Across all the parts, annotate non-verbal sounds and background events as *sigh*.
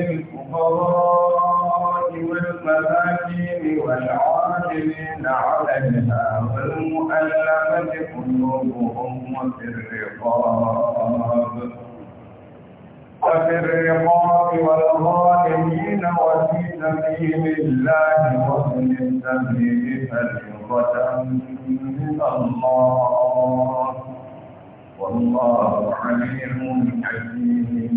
للفقراء والمساكين والعاملين عليها والمؤلفة قلوبهم وفي الرقاب وفي الرقاب والغالمين وفي سبيل الله وابن السبيل فريضة من الله والله عليم حكيم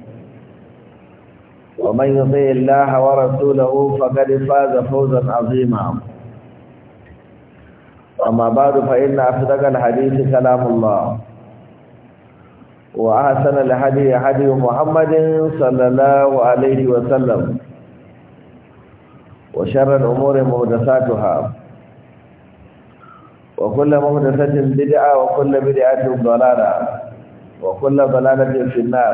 ومن يطع الله ورسوله فقد فاز فوزا عظيما اما بعد فان أصدق الحديث كلام الله واحسن الهدي هدي محمد صلى الله عليه وسلم وشر الامور محدثاتها وكل محدثه بدعه وكل بدعه ضلاله وكل ضلاله في النار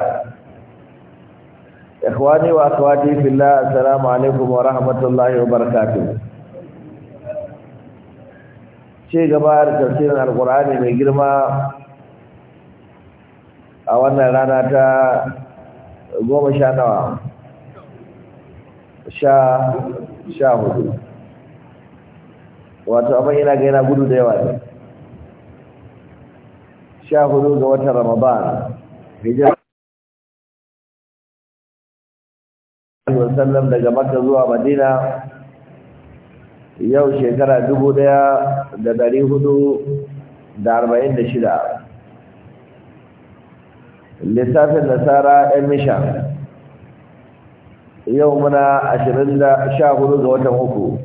ikhwani wa akhwati fillah assalamu alaikum wa rahmatullahi wa barakatuh Ci gaba da tafsirin alqur'ani mai girma a wannan rana ta goma sha nawa sha sha hudu wato abin ina ga yana gudu da yawa ne sha hudu ga watan ramadan hijira Sallam daga makka zuwa madina yau shekara dubu ɗaya da dari hudu da arba'in da shida lissafin nasara yan misha yau muna ashirin da sha hudu ga watan uku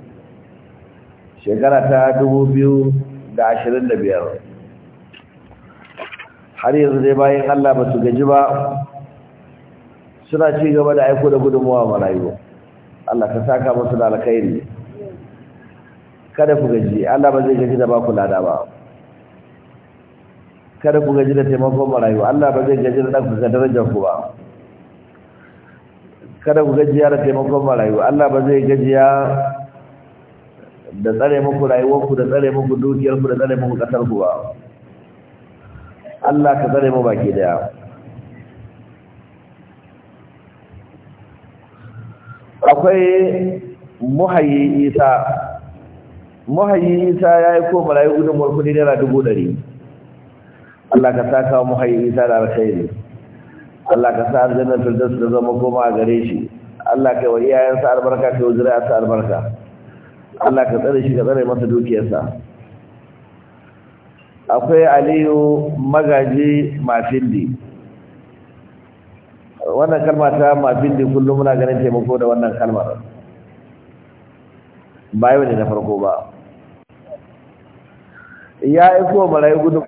shekara ta dubu biyu da ashirin da biyar har yanzu dai bayan allah ba su gaji ba suna ci gaba da aiko da gudunmuwa ma rayuwa Allah ka saka musu da alkhairi kada ku gaji Allah ba zai gaji da ba ku lada ba kada ku gaji da taimakon marayu Allah ba zai gaji da ɗan ga darajar ku ba kada ku gajiya da taimakon marayu Allah ba zai gajiya da tsare muku rayuwarku da tsare muku dukiyarku da tsare muku ƙasarku ba Allah ka tsare mu baki daya akwai muhayi isa muhayi isa ya yi ko marayu gudun warkudi naira dubu ɗari Allah ka sa kawo muhayi isa da alkhairi Allah ka sa aljannar firdaus da zama goma a gare shi Allah ka yi wa iyayensa albarka ka yi wa zuri'arsa albarka Allah ka tsare shi ka tsare masa dukiyarsa akwai aliyu magaji mafindi wannan kalma ta mafin da kullum muna ganin taimako da wannan kalmar ba wani na farko ba ya aiko marayi gudu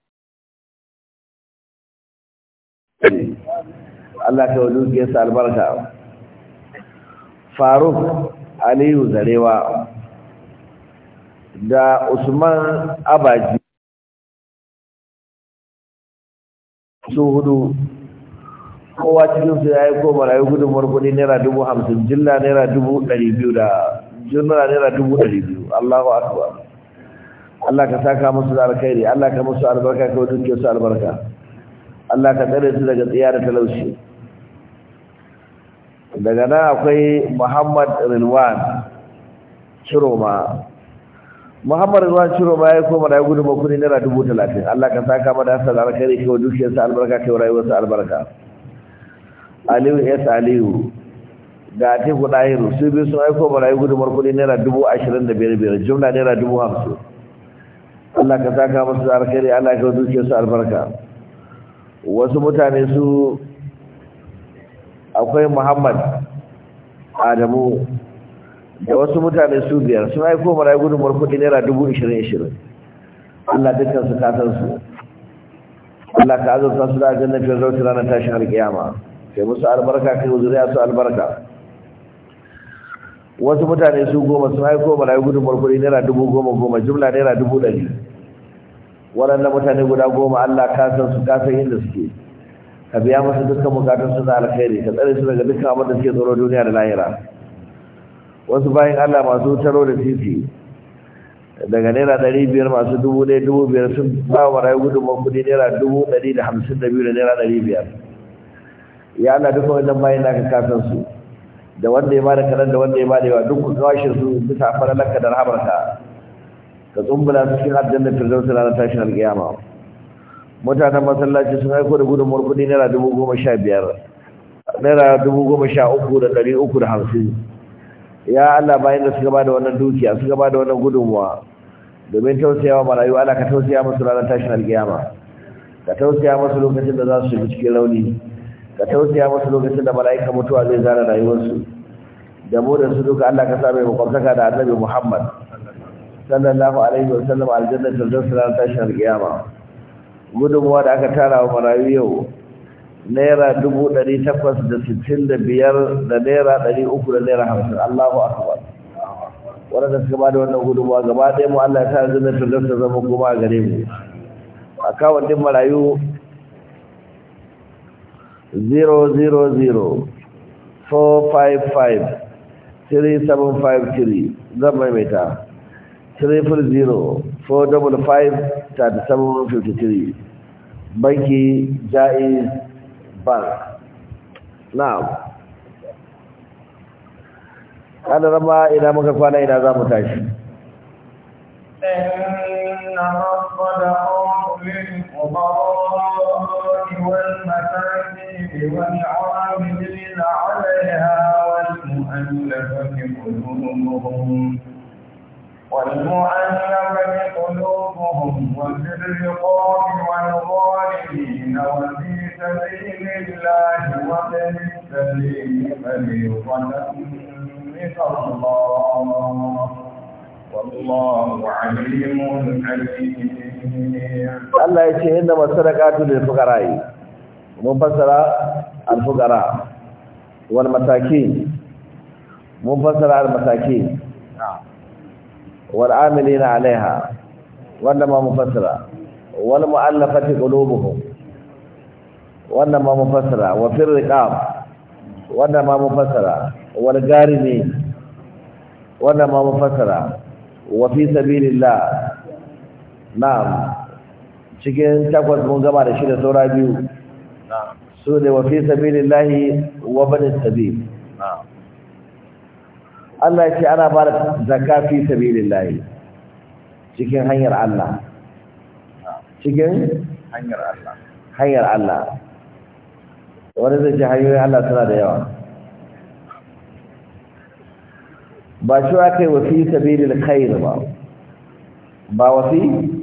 Allah ta wajen ke sa albarka faruk aliyu zarewa da usman abaji su hudu kowa cikin su ya yi ko marayu gudunmuwar kudi naira dubu hamsin jilla naira dubu ɗari biyu da jilla naira dubu ɗari biyu allahu akbar allah ka saka musu da alkhairi allah ka musu albarka ka wajen su albarka allah ka tsare su daga tsiya da talauci daga nan akwai muhammad rilwan ciroma Muhammad Rizwan ciroma ya ya koma da gudunmu kudi naira dubu talatin. Allah ka saka mana da alkhairi kai su albarka kai rayuwarsa albarka. aliyu s aliyu ga teku ɗahiru su biyu sun aiko barayi gudumar kudi naira dubu ashirin da biyar biyar jumla naira dubu hamsin allah ka saka masu alkhairi allah ka duke su albarka wasu mutane su akwai muhammad adamu da wasu mutane su biyar sun aiko barayi gudumar kudi naira dubu ashirin ashirin allah dukkan su katansu allah ka azurta su da ajiyar na fiye zautu ranar tashin alkiyama kai musu albarka kai zuriya su albarka wasu mutane su goma su haiko barayi gudun barkuri naira dubu goma goma jumla naira dubu ɗari waɗannan mutane guda goma allah ka san su ka san inda suke ka biya musu dukkan bukatun su na alkhairi ka tsare su daga dukkan abin da suke tsoro duniya da lahira wasu bayan allah masu taro da titi daga naira ɗari biyar masu dubu ɗaya dubu biyar sun ba wa rayu gudun barkuri naira dubu ɗari da hamsin da biyu da naira ɗari biyar ya Allah duk wannan bayan da aka kasan su da wanda ya bada kadan da wanda ya bada yawa duk ku kawashe su bisa faralanka da rahabarka ka tsumbula su cikin aljanna firdausi ranar tashin alƙiyama mutanen masallaci sun aiko da gudunmuwar kuɗi naira dubu goma sha biyar naira dubu goma sha uku da ɗari uku da hamsin ya Allah bayan da suka bada wannan dukiya suka bada wannan gudunmuwa domin tausayawa marayu Allah ka tausaya musu ranar tashin alƙiyama ka tausaya musu lokacin da za su shiga cikin rauni ka tausaya musu lokacin da mala'ika mutuwa zai zara rayuwarsu da mu da su duka Allah ka sa mai makwabtaka da annabi Muhammad sallallahu alaihi wa sallam aljanna da zuwa tashin alkiyama gudunmuwa da aka tara wa marayu yau naira dubu ɗari takwas da sittin da biyar da naira ɗari uku da naira hamsin Allahu akbar waɗanda suka ba da wannan gudunmuwa gaba ɗaya mu Allah ya sa aljanna firdaus ta zama goma gare mu a kawon marayu 000-455-3753 zan maimaita 000 455 banki jaiz bank Na kada rama ina muka kwana ina za mu tashi inna rabbana qawmin qadara والعاملين عليها والمؤلفة قلوبهم والمؤلفة قلوبهم وفي الرقاب والظالمين وفي سبيل الله وفي السبيل فريضة من الله والله عليم حكيم الله يشهد ما سرقاته للفقراء mun fassara al-fuqara wal masakin mun fassara al masakin wal amilina alaiha wanda ma mun fassara wal mu'allafati qulubuhum wanda ma mun fassara wa fir wanda ma mun fassara wal garimi wanda ma mun fassara wa fi sabilillah na'am cikin takwas mun gama da shi da saura biyu su ne wa fi sabilillahi wa banin sabil Allah ce ana ba da zakka fi sabilillahi cikin hanyar Allah cikin hanyar Allah hanyar Allah wani zai ce hanyoyin Allah tana da yawa ba shi wa kai wafi sabilil khair ba ba wafi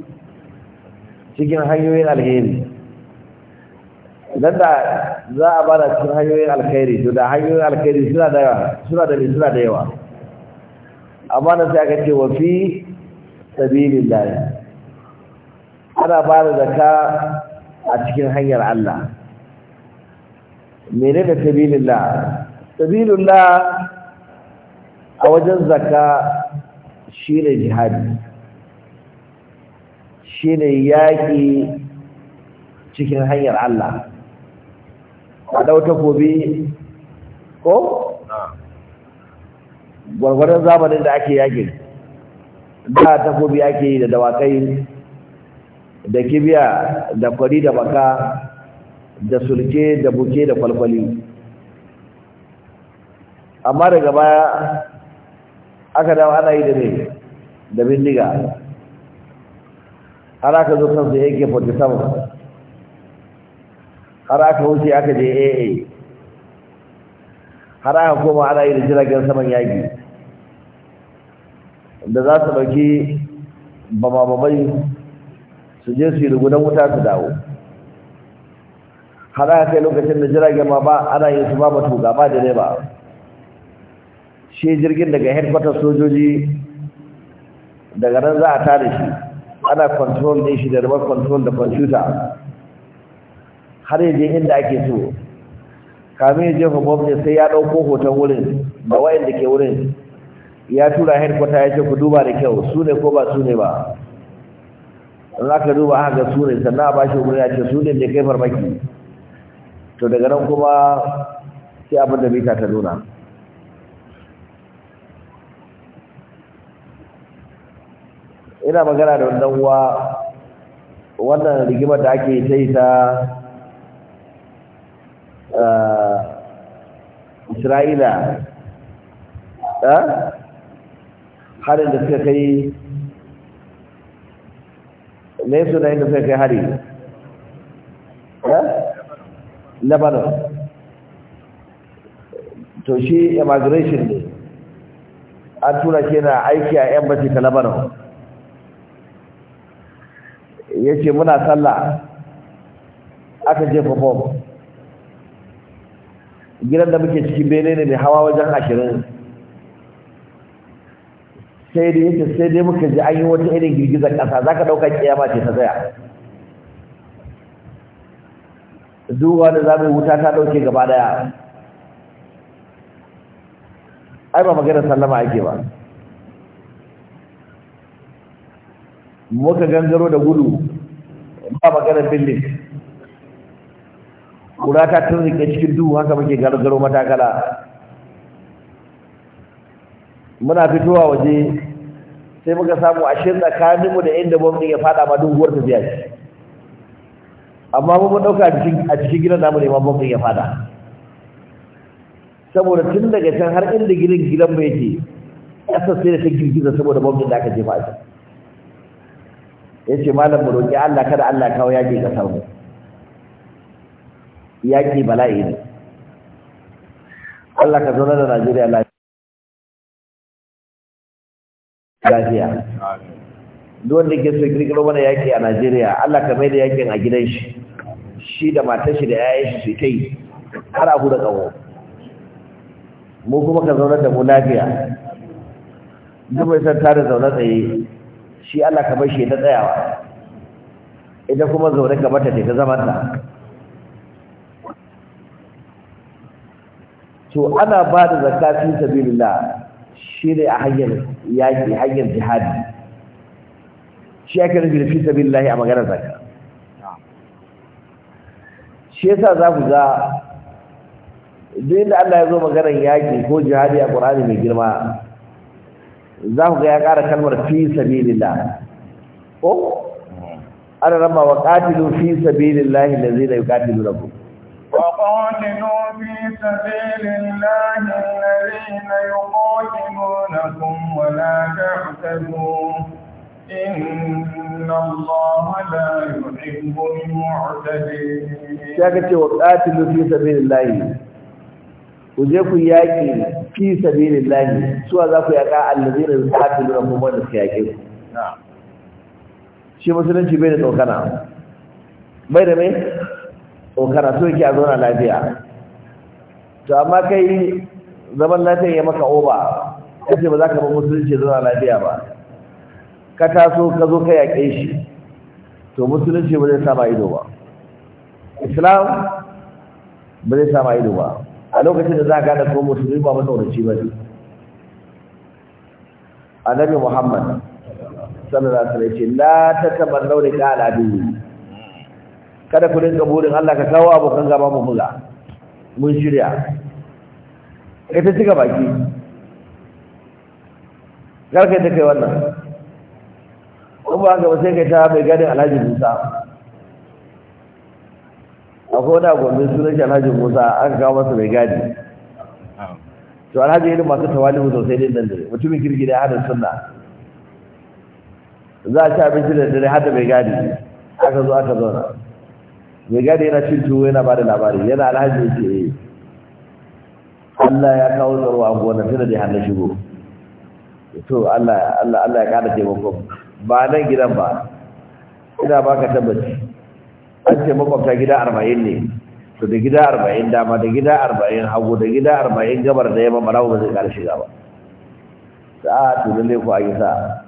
cikin hanyoyin alheri idan da za a bada cikin hanyoyin alkhairi to da hanyoyin alkhairi suna da yawa suna da suna da yawa amma na sai aka ce wa fi sabilillah ana bada zakka a cikin hanyar Allah mene da sabilillah sabilillah a wajen zakka shine jihadi shine yaki cikin hanyar Allah a dau gobe ko gwargwaron zamanin da ake yakin da takobi ake yi da dawakai da kibiya da kwari da baka da sulke da buke da kwalkwali amma daga baya aka dawo ana yi da ne da bindiga har aka zo kansu 47 har aka wuce aka je AA har aka koma ana yi da jiragen saman yaƙi da za su ɗauki bababai su je su yi rugunan wuta su dawo har aka kai lokacin da jiragen ma ba ana yin su ba tuga ba da ba shi jirgin daga headquarters sojoji daga nan za a tare shi ana control ne shi da remote control da computer har yaje inda ake so kamin ya jefa bomb ne sai ya ɗauko hoton wurin da wayanda ke wurin ya tura headquarter ya ce ku duba da kyau su ne ko ba su ne ba in ka duba haka su ne sannan a bashi wurin ya ce su ne da kai farmaki to daga nan kuma sai abin da mita ta nuna ina magana da wannan uwa wannan rigimar da ake ta yi ta isra'ila harin da suka kai ne su da inda suka kai hari lebanon to shi immigration ne an tura ke na aiki a embassy ta lebanon ya ce muna sallah aka jefa bomb gidan da muke cikin bene ne mai hawa wajen ashirin sai dai yake sai dai muka ji an yi wata irin girgizar ƙasa za ka ɗauka ƙiyama ce ta tsaya duwa da za mu wuta ta ɗauke gaba ɗaya ai ba maganar sallama ake ba muka gangaro da gudu ba maganar billin kura ta tun rike cikin duhu haka muke gargaro matakala muna fitowa waje sai muka samu ashe tsakaninmu da inda bombin ya fada ma duhuwar tafiya ce amma mun dauka a cikin gidan namu ne ma bombin ya fada saboda tun daga can har inda gidan gidan mai yake ƙasar sai da ta girgiza saboda bombin da aka jefa a can ya ce malam mu roƙi allah kada allah kawo yaƙi ga samu yaƙi bala'i ne Allah ka zauna da Najeriya lafiya duk wanda ke so kirkiro mana yaƙi a Najeriya Allah ka mai da yaƙin a gidan shi shi da matar shi da yayin shi su kai har a da ƙaho mu kuma ka zauna da mu lafiya duk mai son tare zaune tsaye shi Allah ka bar shi ta tsayawa Idan kuma zaune ka bata ta zama ta to ana ba da zakka fi sabilillah shine a hanyar yaki hanyar jihadi shi ake nufi da fi sabilillah a maganar zakka shi yasa za ku za duk inda Allah ya zo maganar yaki ko jihadi a Qur'ani mai girma za ku ga ya ƙara kalmar fi sabilillah ko ana rama wa qatilu fi sabilillah allazina yuqatilunakum وقاتلوا في سبيل الله الذين يقاتلونكم ولا تعتدوا إن الله لا يحب المعتدين شاكتي وقاتلوا في سبيل الله ku je ku yaƙi fi sabilillahi suwa za ku yaƙa allazina yuqatiluna kum wanda suka yaƙe ku shi musulunci bai da tsokana bai da mai ko karatu yake a zauna lafiya to amma kai zaman lafiya ya maka oba kace ba za ka ba musulunci zauna lafiya ba ka taso ka zo ka yaƙe shi to musulunci ba zai sa ma ido ba islam ba zai sa ma ido ba a lokacin da za ka gane ko musulmi ba matsauraci ba ne annabi muhammad sallallahu alaihi wasallam ya ce la tabarrau da al al'adu. kada ku dinga burin Allah ka kawo abokan gaba mu buga mun shirya ita cika baki garka ta kai wannan ko ba ga sai kai ta mai gadin Alhaji Musa akwai wani agwambin sunan shi Alhaji Musa aka kawo masa mai gadi to Alhaji irin masu tawali'u sosai din nan dare mutumin kirki da hada sunna za a ci abinci da dare hada mai gadi aka zo aka zauna ya gane yana cin tuwo yana ba da labari yana alhaji ya ce eh, Allah ya kawo tsaro a gonar tana da hannun shigo to Allah Allah Allah ya kada taimako ba nan gidan ba ina baka tabbaci an ce makwabta gida arba'in ne to da gida arba'in dama da gida arba'in hagu da gida arba'in gabar da yamma marawa ba zai kara shiga ba a to ne ku ayi sa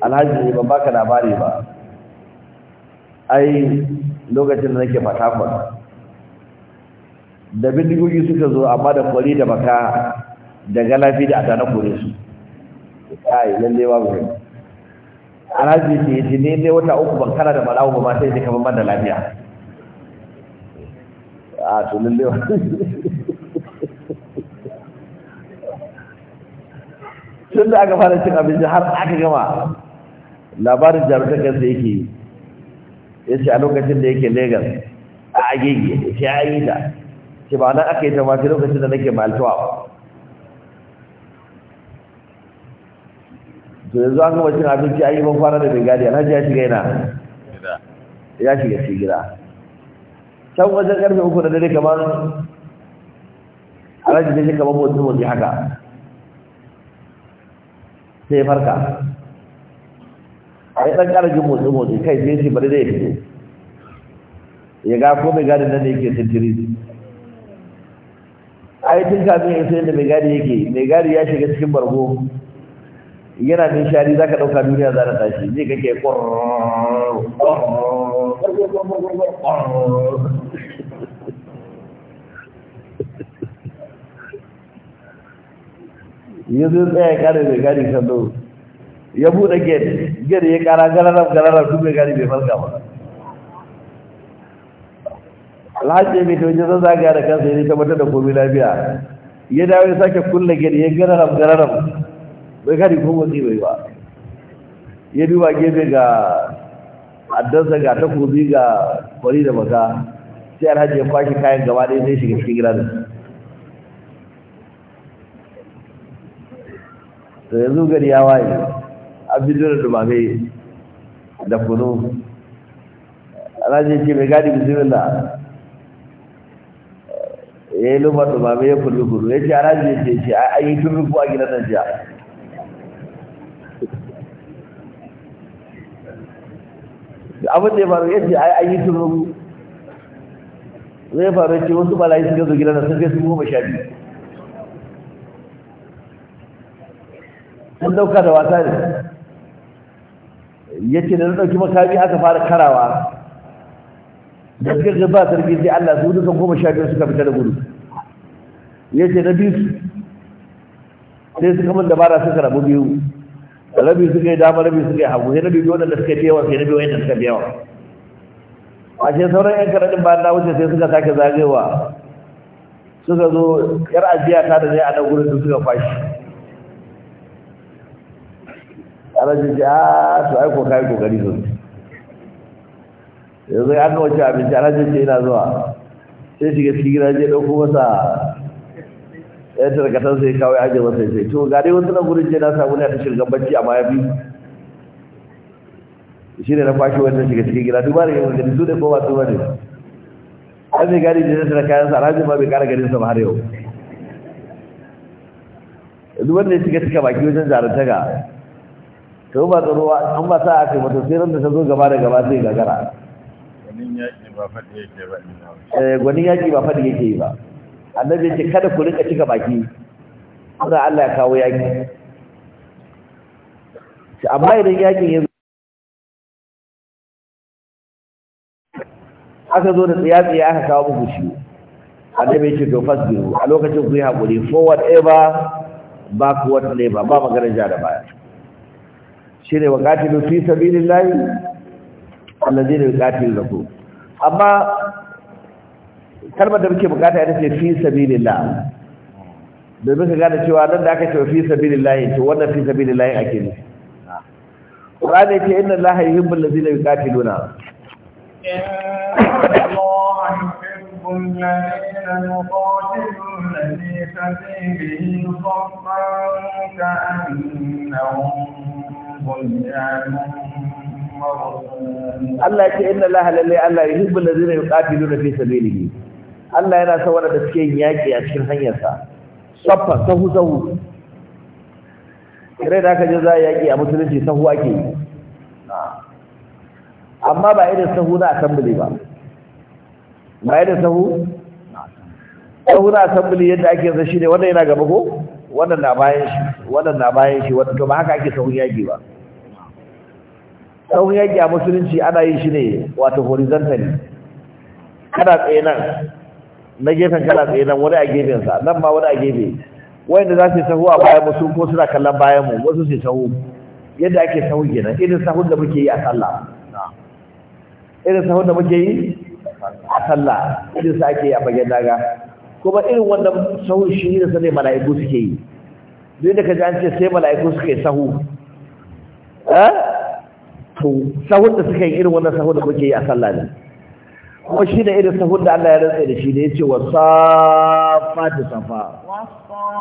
alhaji ban baka labari ba ai lokacin da nake fatakon da bindigogi suka zo amma da kwari da baka da galafi da adana kore su kai lalle babu rai alhaji ce yace ne ne wata uku ban kana da malawu ba ma sai dai kaman man da lafiya a to lalle tun da aka fara cin abinci har aka gama labarin jarumta kansa yake yi ya ce a lokacin da yake Legas a agege ya ce ya yi ta ce ba nan aka yi ta lokacin da nake maltuwa ba to yanzu an gama cin abinci a yi ban kwana da bengali alhaji ya shiga yana ya shiga shi gida can wajen karfe uku da dare kamar alhaji ne shi kamar motsi motsi haka sai farka a yi ɗan ƙara motsi motsi kai sai shi bari zai fito ya ga ko mai gadi nan yake sintiri a yi tun kafin ya sayar da mai gadi yake mai gadi ya shiga cikin bargo yana min shari za ka ɗauka duniya za ta tashi zai kake yanzu ya mai gadi kan ya buɗe gate gate ya kara gararar gararar duk mai gari bai farka ba alhaji mai ta wajen zazzaga da kansa ya mata da komi lafiya ya dawo ya sake kulle gate ya gararam gararam bai gari ko motsi bai ba ya duba gefe ga addansa ga takobi ga kwari da maka, sai alhaji ya kwashe kayan gaba ɗaya sai shiga cikin gida da to yanzu gari ya waye abidur dumame da kunu alhaji ke mai gadi bismillah eh, ya yi lumar dumame ya kullu kullu ya ce alhaji ce ce a yi tun rufu a gidan nan jiya abin da ya faru ya ce a yi tun rufu zai faru ce wasu balayi suka zo gidan sun kai su goma sha biyu sun dauka da wasa ne yace da na dauki makabi aka fara karawa da suka gaba sarki sai Allah su dukan goma sha biyar suka fita da gudu yace na biyu sai suka mun dabara suka rabu biyu rabi suka yi dama rabi suka yi hagu sai rabi biyu wadanda suka yi sai rabi wadanda suka yi a ce sauran yan karadin bayan na wuce sai suka sake zagewa suka zo yar ajiya ta da zai a nan gudu suka fashi ƙarashin ce a ah, su aiko kayi kokari sosai yanzu an gama abinci ƙarashin ce yana zuwa sai shiga cikin gida je ɗauko masa ya tarkatar sai kawai aje masa sai to ga dai na gurin je na samu ne a tashirgan bacci amma ya fi shi ne na kwashe wannan shiga cikin gida duba da yawan gani su ne ko ba su a ne an mai gari da tattara kayan sa rajin ma bai kara ganin sa ba har yau duk wanda ya shiga cika baki wajen jarantaka. to ba ruwa an ba sa a kai mata sai da ta zo gaba da gaba zai gagara eh, gwanin yaƙi ba faɗi yake yi ba annabi ce kada ku rika cika baki ana Allah ya kawo yaƙi amma idan yaƙin ya aka zo da tsiyatsiya aka kawo muku shi annabi ce to biyu a lokacin ku yi haƙuri forward ever backward never ba magana ja da baya shine wa qatilu fi sabilillahi alladhina yuqatilukum amma kalmar da muke bukata ita ce fi sabilillah domin ka gane cewa nan da aka ce fi layi, to wannan fi layi ake ne Qur'ani ce inna Allaha yuhibbul ladina yuqatiluna الذين يقاتلون في سبيله صفا Allah ce inna Allah lalle Allah yuhibbu allazina yuqatiluna fi sabilihi Allah yana son wanda suke yin yaki a cikin hanyarsa saffa sahu sahu kare da aka je za yaki a musulunci sahu ake yi amma ba irin sahu na assembly ba ba irin sahu sahu na assembly yadda ake yanzu shine wanda yana gaba ko wannan na bayan shi wannan na bayan shi wannan to ba haka ake sahun yaki ba sahun yaki a musulunci ana yin shi ne wato horizontally kana tsaye nan na gefen kana tsaye nan wani a gefen sa nan ma wani a gefe wanda za su yi sahu a bayan musu ko suna kallon bayan mu wasu su sahu yadda ake sahu kenan irin sahun da muke yi a sallah irin sahun da muke yi a sallah irin sa ake yi a fagen daga kuma irin wannan sahun shi da sai mala'iku suke yi duk da kaje an ce sai mala'iku suke sahu eh to sahun da suke irin wannan sahun da kuke yi a sallah ne kuma shi da irin sahun da Allah ya rantsa da shi da ya ce wasa da safa safa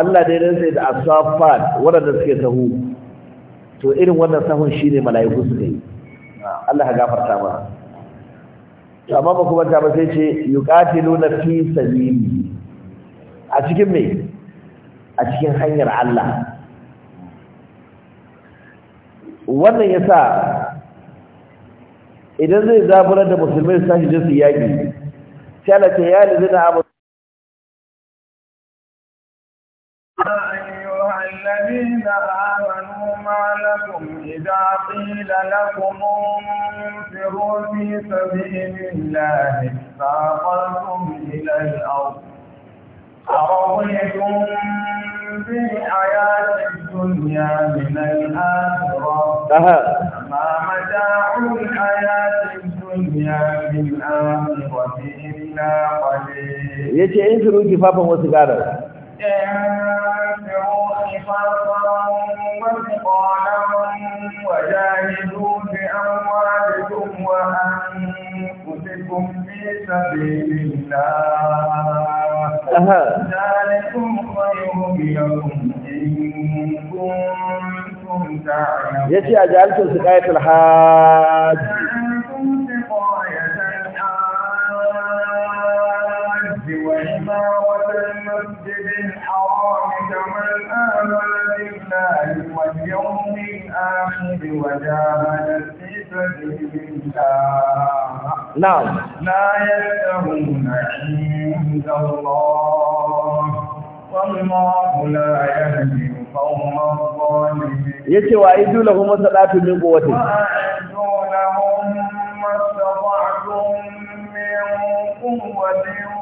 Allah dai rantsa da asafat waɗanda suke sahu to irin wannan sahun shine mala'iku suka yi Allah ya gafarta ba to amma ba kuma ta ba sai ce yuqatiluna fi sabili a cikin me a cikin hanyar Allah wannan yasa idan zai zaburar da musulmai su tashi jinsu yaƙi sai Allah ce ya yi wa abu ayyuhal ladina لكم إذا قيل لكم انفروا في سبيل الله ساقلتم إلى الأرض أرضيتم بالحياة الدنيا من الآخرة ما متاع الحياة الدنيا في الآخرة إلا قليل يجي انفروا كفافا وسكارا وجاهدوا بأموالكم في سبيل الله ذلكم خير لكم إن كنتم تعلمون أجعلتم سقاية الحاج أجعلتم سقاية الحاج المسجد الحرام كما الآن لله واليوم الآخر وجاهد في سبيل الله نعم لا يستهون عند الله والله لا يهدي القوم الظالمين يتي وأعدوا لهم صلاة من قوتهم وأعدوا لهم ما استطعتم من قوتهم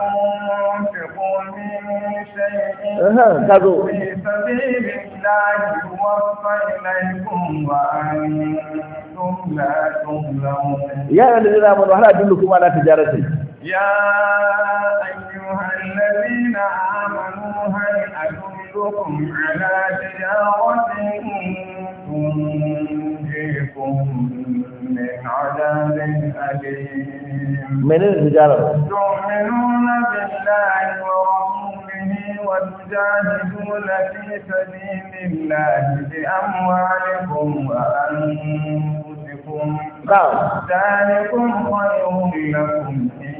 kazo. na yi wanda zai zama wani dillu kuma na tijarati. Ya yi Menene tijarar? Tominu na bin lai والجاهدون في سبيل الله بأموالكم وأنفسكم ذلكم خير لكم إن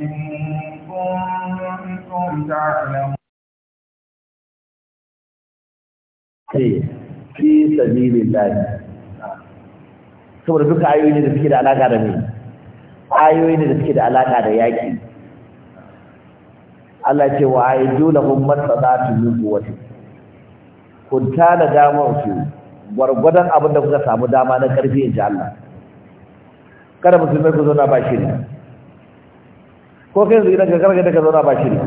كنتم تعلمون fi sabilillah saboda duka ayoyi ne da suke da alaka da me ayoyi ne da suke da alaka da yaƙi. Allah ce wa aidu lahum masadatu min quwwati kun da damar su gwargwadon abin da kuka samu dama na karfi in ji Allah kada musulmai ku zauna ba ne ko kai idan ka karga da ka zauna ba ne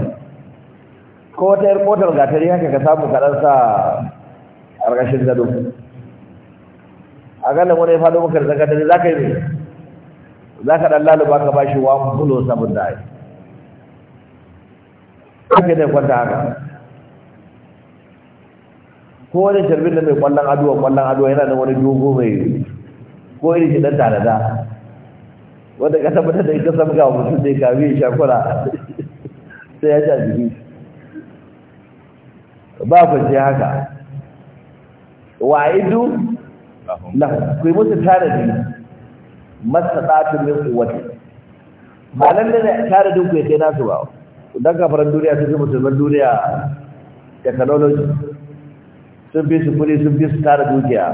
ko wata yar motar tare haka ka samu ka dan sa argashin gado a ganin wani ya faɗo maka da zakatari za ka yi ne za ka ɗan laluba ka bashi wa wa bulo sabon da haka da kwanta haka ko wani sharbin da mai kwallon aduwa kwallon aduwa yana da wani dogo mai ko irin shi dan da wanda ka tabbatar da ita ga mutum sai kafin shakura sai ya sha jiki ba ku ce haka wa'idu lahu ku yi musu tanadi masadatun min quwwati ba da ne da ku ya kai nasu ba dan kafaran duniya sun fi musulman duniya technology sun fi su kuri sun fi su tara dukiya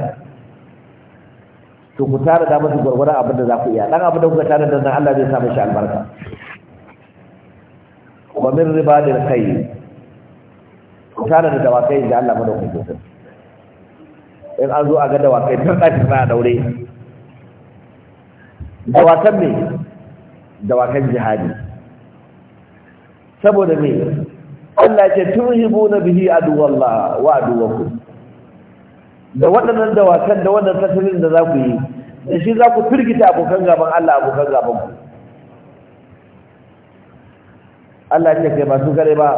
to ku tara da musu gwargwaron abin da za ku iya dan abin da kuka tara da nan Allah zai sa shi albarka wa min ribadil khayr ku tara da dawakai da Allah madaukakin sarki in an zo a ga dawakai tun ɗafi na daure dawakan ne dawakan jihadi saboda me Allah ya ce turhibuna bihi adwallah wa adwakum da waɗannan dawakan da wannan tasirin da za ku yi da shi za ku firgita abokan gaban Allah abokan gaban ku Allah ya ce masu kare ba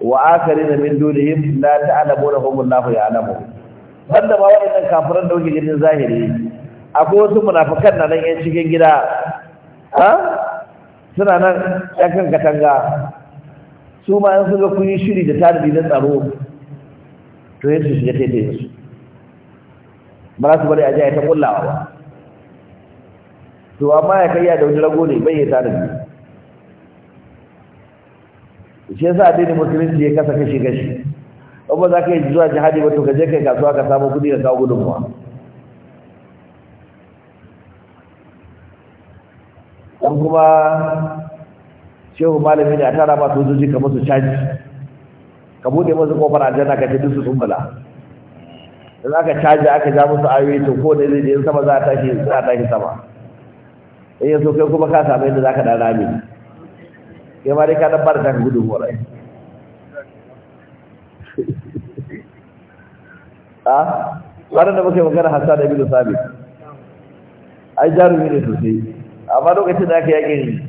wa akarina min dunihim la ta'lamunahum Allah ya'lamu banda ba waɗannan kafiran da wuke gidan zahiri akwai wasu munafikan nan yan cikin gida ha suna nan ɗakan katanga su ma yin suka kun yi shiri da tarihi na tsaro to yin su shiga taitayin su ba za su bari a jaya ta kullawa ba to amma ya kai da wani rago ne bai ya tarihi. shi yasa addinin musulunci ya kasa kashi kashi in ba za ka yi zuwa jihadi ba to ka je kai kasuwa ka samu kudi ka kawo gudunmuwa dan kuma shehu malami ne a tara su zuci ka su caji ka bude musu kofar aljanna ka ce duk su tsumbala da za ka caji aka ja musu ayoyi to ko da zai je sama za a tashi za a tashi sama in yanzu so kai kuma ka samu yadda za ka dan rami kai ma dai ka dan da taka gudun horai *laughs* a ranar da muke magana hassan da ibn sabi ai jarumi ne sosai amma lokacin da aka yaƙin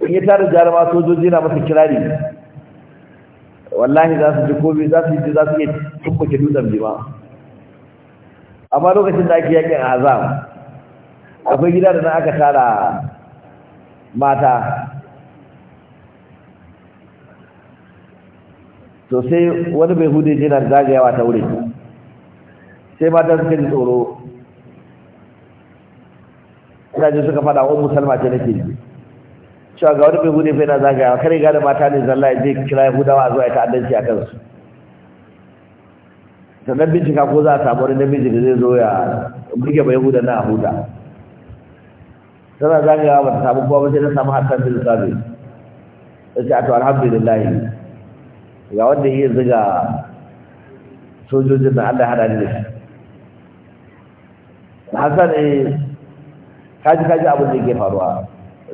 in yi tara jarama sojoji na masa kirari wallahi za su ji kobi za su ji za su iya tukkuke dutsen jima amma lokacin da aka yaƙin azam akwai gida da na aka tara mata to sai wani bai hudu jinar zagayawa ta wuri sai mata suka ji tsoro mutane suka faɗa wa musulma ce nake ji cewa ga wani mai gudu fa zagaya kare gane mata ne zalla ya je kira yahudawa hudawa zuwa ya ta'addanci a kansu sannan bincika ko za a samu wani namiji da zai zo ya buge mai hudun na huda tana zagaya ba ta samu kowa ba sai ta samu hassan bin zabe ya ce a to alhamdulillah ga wanda iya ziga sojojin na allah hada ne hasan eh kaji kaji abin da yake faruwa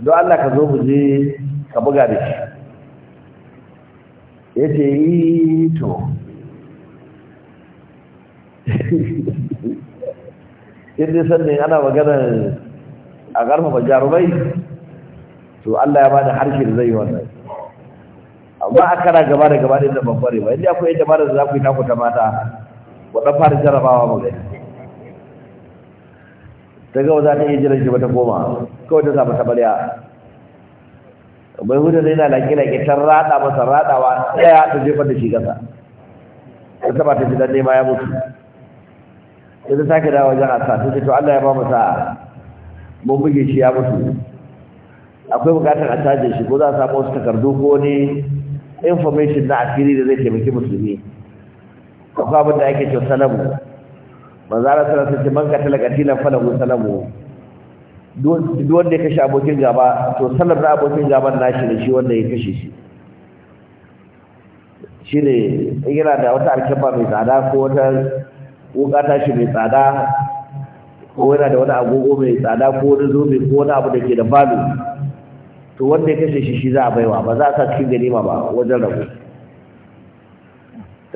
don Allah ka zo mu je ka buga da shi yace yi to yadda *laughs* sannan ana maganar a ƙarfafa jarumai to Allah ya bada harshe da zai wannan amma a kara gaba da gaba da babbare ba inda akwai yadda mara za ku yi taku ta mata wadda fara jarabawa mu gani daga wa za ta iya jiran shi ba ta koma kawai ta samu tabariya bai hudu da yana laƙe-laƙe ta rada masa radawa ɗaya ta jefa da shi ƙasa ta taba ta ji danne ma ya mutu sai ta ke dawa wajen asa ta ce to Allah ya ba masa mun buge shi ya mutu akwai bukatar a caje shi ko za a samu wasu takardu ko ne information na asiri da zai taimaki musulmi akwai abin da ake cewa salamu manzara sana sun ce man katala katilan falahu salamu duk wanda ya kashe abokin gaba to sanar da abokin gaban nashi ne shi wanda ya kashe shi shi ne yana da wata alkyamba mai tsada ko wata wuka shi mai tsada ko yana da wani agogo mai tsada ko wani zobe ko wani abu da ke da balu to wanda ya kashe shi shi za a baiwa ba za a sa cikin ganima ba wajen rabu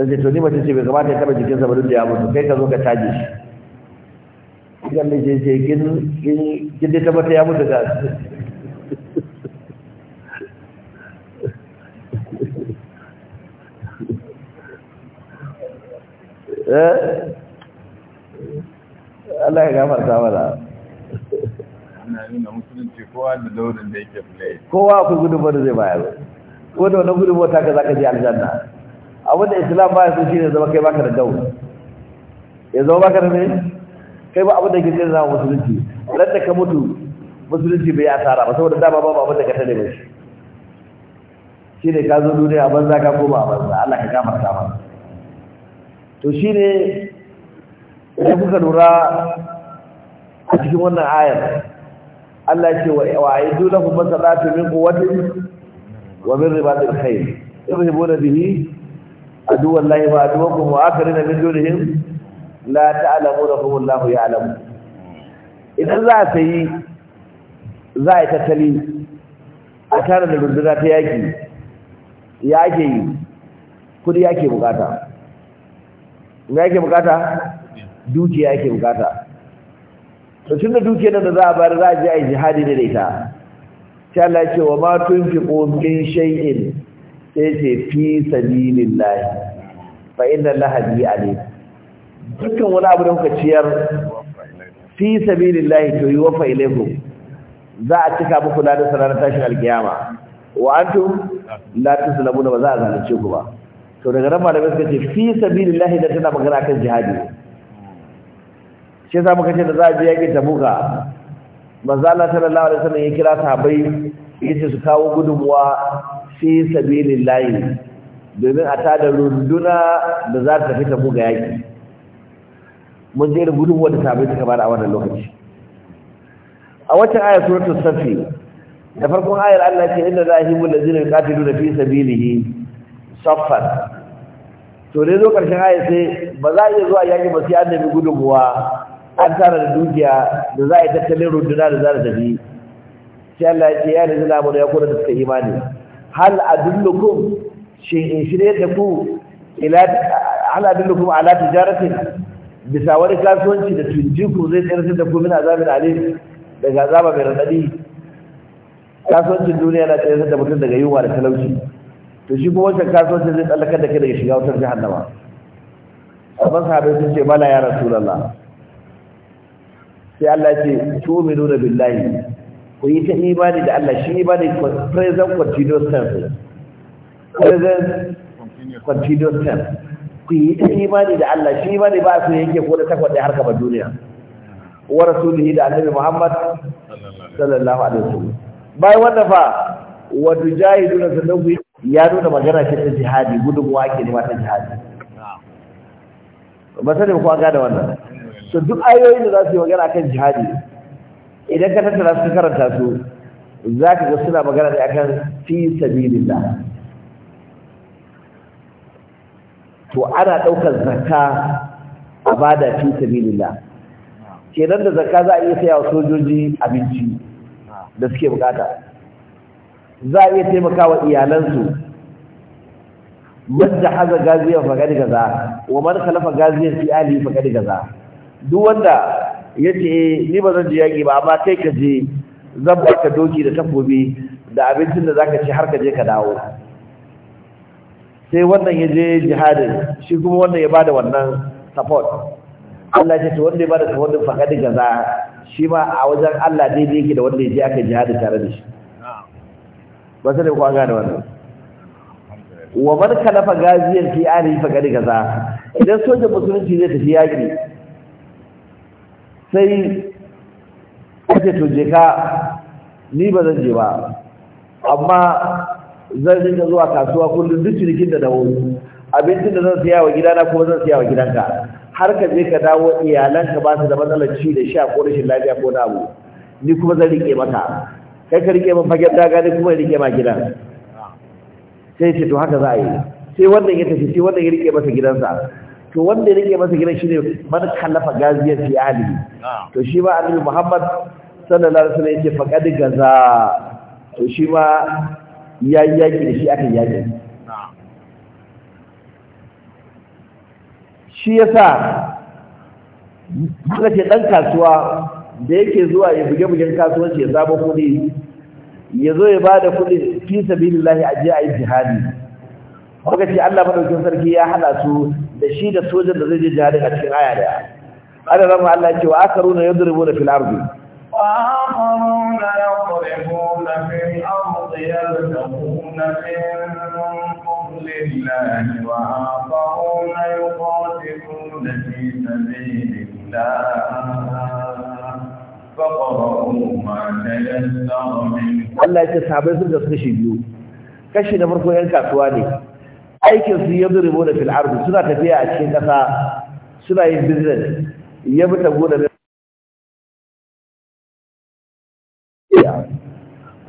sai to ni mace ce bai kamata ya taba jikin sa ba duk da ya mutu kai ka zo ka taje shi idan ne je je kin kin dai tabbata ya mutu ga *laughs* eh Allah ya gafarta mana kowa ku gudu da da zai bayar ko da wani gudunmawar ta ka zaka je aljanna abinda islam ba ya so shine zama kai baka da dawo ya zama baka da ne kai ba abinda ke zama musulunci ranta ka mutu musulunci bai asara ba saboda dama ba abinda ka tare mai shi shine ka zo duniya a banza ka koma a za Allah ka gafarta mana to shine idan kuka lura a cikin wannan ayar Allah ce wa aidu lahum masalatu min quwwatin wa min ribatil khayr yadhibuna bihi adu wallahi wa adukum wa akharina min dunihim la ta'lamunahum Allahu ya'lam idan za ta yi za a tattali a tare da runduna ta yaki ya ake yi kudi yake bukata ga yake bukata dukiya yake bukata to tun da dukiyar da za a bayar za a je a yi jihadi da ita sai Allah ya ce wa ma tunfiqu min sai ce fi sabilillahi fa inna lahadi alim dukkan wani abu da kuka ciyar fi sabilillahi to wafa ilaykum za a cika muku ladan sanar tashin alkiyama wa antum la tuzlamuna ba za a zalunce ku ba to daga ran malamai suka ce fi sabilillahi da tana magana kan jihadi shi za mu kace da za a je yakin tabuka manzo sallallahu alaihi wasallam ya kira sahabbai yace su kawo gudunmuwa fi sabilillahi domin a tada runduna da za ta fita buga yaki mun je da gudunmuwa da sabai suka bada a wannan lokaci a wata ayar suratul safi da farkon ayar Allah ce inna zahibu allazina yuqatiluna fi sabilihi saffan to dai zo karshen ayar sai ba za a iya zuwa yaki ba sai an nemi gudunmuwa an tara da dukiya da za a yi tattalin runduna da za ta tafi sai Allah ya ce ya rizina mana ya kula da suka imani hal adullukum shi in shirye da ku ila hal adullukum ala tijaratin bisa wani kasuwanci da tunjiku zai tsirtar da ku min azabin alim daga azaba mai radadi kasuwancin duniya na tsirtar da mutum daga yunwa da talauci to shi kuma wancan kasuwancin zai tsallakar da kai daga shiga wutar jahannama sabon sahabai sun ce bala ya rasulallah sai Allah ce tu'minu billahi ku yi ta imani da Allah shi imani present continuous tense present continuous tense ku yi ta imani da Allah shi imani ba su yanke ko da takwas da harka ba duniya wa rasulihi da annabi Muhammad sallallahu alaihi wasallam bai wanda fa wa tujahiduna sallahu ya nuna magana ce ta jihadi gudunmuwa ke ne ta jihadi ba sai ku ga da wannan so duk ayoyin da za su yi magana kan jihadi idan ka tattara su karanta su za ka ga suna magana ne akan fi sabilillah to ana ɗaukar zakka a bada fi sabilillah kenan da zakka za a iya sayawa sojoji abinci da suke bukata za a iya taimaka wa iyalansu man jahaza gaziyan faqad gaza wa man khalafa gaziyan fi gaza duk wanda ya ce ni ba zan je yaƙi ba amma kai ka je zan ka doki da takobi da abincin da za ka ci har ka je ka dawo sai wannan ya je jihadin shi kuma wannan ya bada wannan support Allah ya ce wanda ya bada support din fakadi gaza shi ma a wajen Allah daidai yake da wanda ya je aka jihadi tare da shi ba sai ku an gane wannan wa man kalafa gaziyar fi ari fakadi gaza idan sojan musulunci zai tafi yaki sai kace to je ka ni ba zan je ba amma zan dinga zuwa kasuwa kullum duk cinikin da dawo abincin da zan siya wa gidana kuma zan siya wa gidanka har ka je ka dawo iyalanka ba su da matsalar ci da sha ko rashin lafiya ko na abu ni kuma zan rike maka kai ka rike min fagen daga ni kuma rike ma gidan sai ce to haka za a yi sai wannan ya tafi sai wannan ya rike masa gidansa to wanda yake masa gidan shine man kallafa gaziyar fi ali ah. to shi ba annabi Muhammad sallallahu alaihi wasallam yake faqad gaza to shi ba yayi yaki da shi aka yaki ah. shi yasa muka ke dan kasuwa da yake zuwa ya buge bugen kasuwanci ya zaba kudi, ya zo ya bada kudi fi sabilillahi aje ayi jihadi muka ce Allah madaukin sarki ya hada su da shi da sojan da zai je jihadin a cikin aya daya ana rama Allah cewa akaruna yadribuna fil ardi وآخرون يضربون في الأرض يبتغون من فضل الله وآخرون يقاتلون في سبيل الله فقرأوا ما تيسر منه الله يتسع بيسر تصريش بيو kashi na farko yan kasuwa ne aikin su mu da fil suna tafiya a cikin kasa suna yin business yabtagu da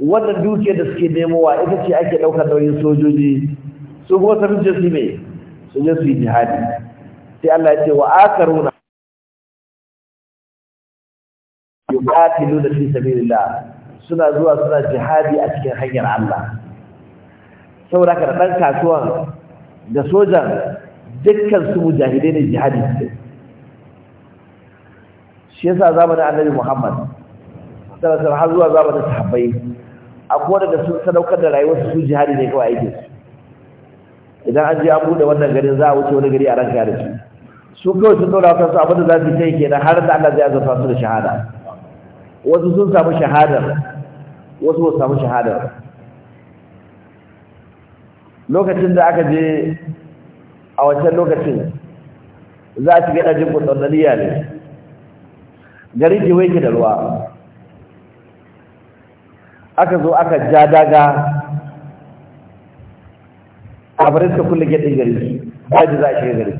wannan dukiyar da suke nemowa ita ce ake ɗaukar nauyin sojoji su kuma ta rujje su su je su yi jihadi sai Allah ya ce wa akaru na yuqatilu da fi sabilillah suna zuwa suna jihadi a cikin hanyar Allah saboda haka da ɗan kasuwan da sojan dukkan su mujahidai ne jihadi suke shi yasa zamanin annabi muhammad sallallahu alaihi har zuwa zamanin sahabbai akwai wanda su sadaukar da rayuwarsu su jihadi ne kawai aikin su idan an je an bude wannan garin za a wuce wani gari a ranka da su su kawai sun dora kansu abin da za su yi kenan har da Allah zai azurta su da shahada wasu sun samu shahadar wasu ba samu shahadar lokacin da aka je a wancan lokacin za a shiga ɗajin kutsananiya ne gari jiwai ke da ruwa aka zo aka ja daga a barin ta kulle gaɗin gari daji za a shiga gari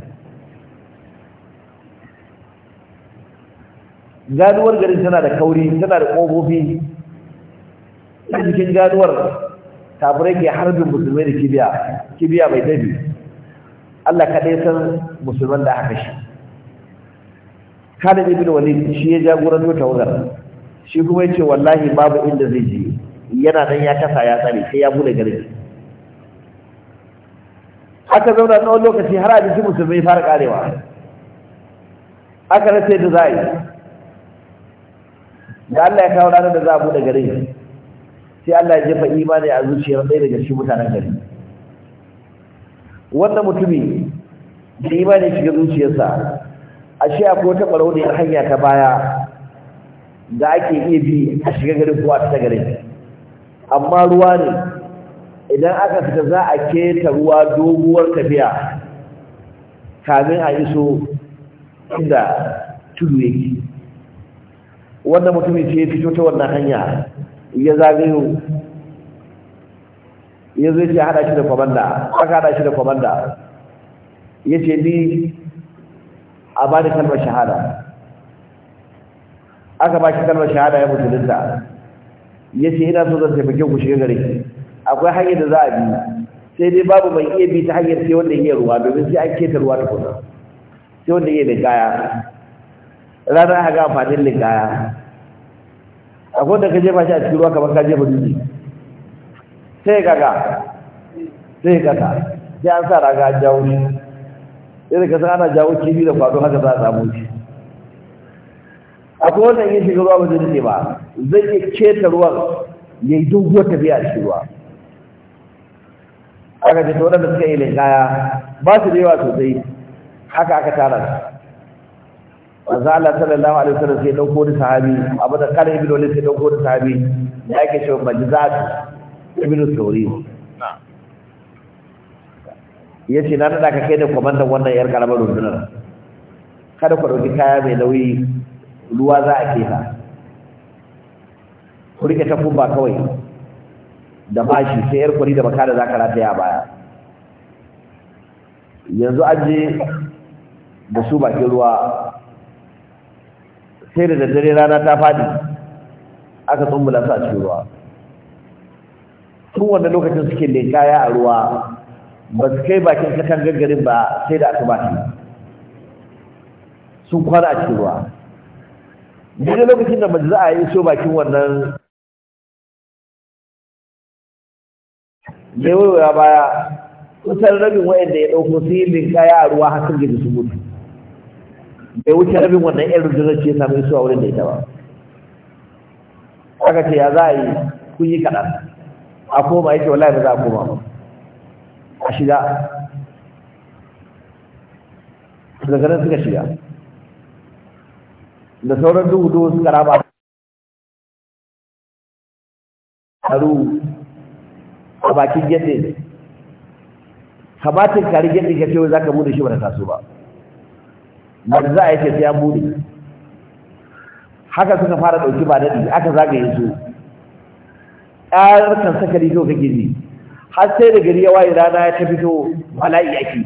ganuwar gari tana da kauri tana da ƙofofi a jikin ganuwar kafirai ke harbin musulmai da kibiya kibiya mai dabi Allah kaɗai san musulman da haka shi kada ibn walid shi ya jagoranto wuzar, shi kuma yace wallahi babu inda zai je yana nan ya kasa ya tsare sai ya bude garin aka zauna tsawon lokaci har abinci musulmai fara karewa aka rasa yadda za a yi da Allah ya kawo ranar da za a bude garin sai Allah ya jefa imani a zuciyar ɗaya daga cikin mutanen gari wannan mutumi da imani shiga zuciyarsa ashe akwai wata barauniyar hanya ta baya da ake iya bi a shiga garin kuwa ta garin amma ruwa ne idan aka fita za a keta ruwa doguwar tafiya kamin a iso inda tudu yake wannan mutumin ce ya fito ta wannan hanya ya zagayo ya zo ya hada shi da kwamanda aka hada shi da kwamanda ya ce ni a ba da kalmar shahada aka ba shi kalmar shahada ya musulunta ya ce ina so zan taimake ku shiga gare akwai hanyar da za a bi sai dai babu mai iya bi ta hanyar sai wanda iya ruwa domin sai an keta ruwa tukuna sai wanda iya linkaya ranar haka amfanin linkaya Akwai da ka jefa shi a cikin ruwa kamar ka jefa dutse sai kaga sai kaga sai an sa raga a jawo shi sai ka san ana jawo kibi da kwado haka za a samu shi akwai wannan yin shiga ruwa ba zai ba zai iya keta ruwan ya yi doguwar tafiya a cikin ruwa aka ce to waɗanda suka yi linkaya ba su da yawa sosai haka aka tara su manzo Allah sallallahu alaihi wasallam sai dauko da sahabi Abu da Kar ibn Walid sai dauko da sahabi da yake cewa Bajzat ibn Sawri yace na da kake kai da komandan wannan yar karamar rundunar kada ku dauki kaya mai nauyi ruwa za a kefa ku rike ta ba kawai da bashi sai yar kuri da baka da zaka rataya baya yanzu aje da su bakin ruwa sai da daddare rana ta faɗi aka tsumbula su a cikin ruwa tun wanda lokacin suke leƙaya a ruwa ba su kai bakin sakan gaggarin ba sai da aka bashi sun kwana a cikin ruwa daga lokacin da mace za a yi so bakin wannan zai baya kusan rabin wa'anda ya ɗauko su yi linkaya a ruwa har sun gaji su mutu bai wuce rabin wannan yan rundunar ce samu isuwa wurin da ita ba aka ce ya za a yi kun yi kaɗan a koma yake wallahi ba za a koma ba a shiga daga suka shiga da sauran duhu duhu suka raba haru a bakin gefe kamatin kari gefe ka ce za ka buɗe shi ba da taso ba wanda za a yi sai ya bude haka suka fara ɗauki ba daɗi aka zagaye su kan sakari kyau kake ji har sai da gari ya waye rana ya ta fito mala'i yake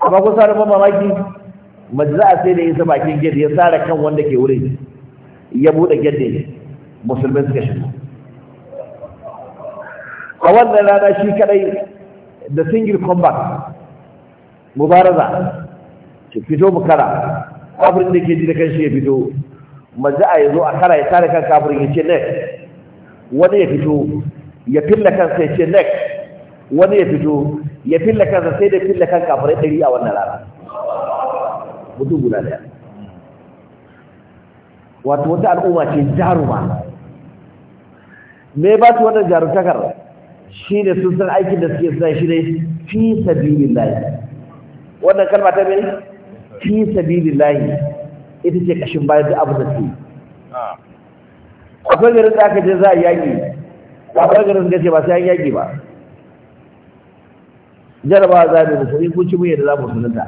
amma ko sai ba mamaki mace za a sai da isa bakin gidi ya tsara kan wanda ke wurin ya bude gate musulmai suka shigo a wannan rana shi kadai da single combat mubaraza ki fito mu kara kafirin da ke ji da kanshi ya fito maza'a a zo a kara ya tare kan kafirin ya ce next wani ya fito ya filla kansa ya ce next wani ya fito ya filla kansa sai da filla kan kafirai ɗari a wannan rana mutum guda ɗaya wato wata al'umma ce jaruma me ba su wannan jarumtakar shi ne sun san aikin da suke suna shi ne fi sabi lillahi wannan kalma ta mene fi sabilillahi ita ce kashin bayan da abu da su a garin da aka je za a yaƙi akwai garin da ce ba sai an yaƙi ba jarabawa za mu musu in ko ci mun yadda za mu sunanta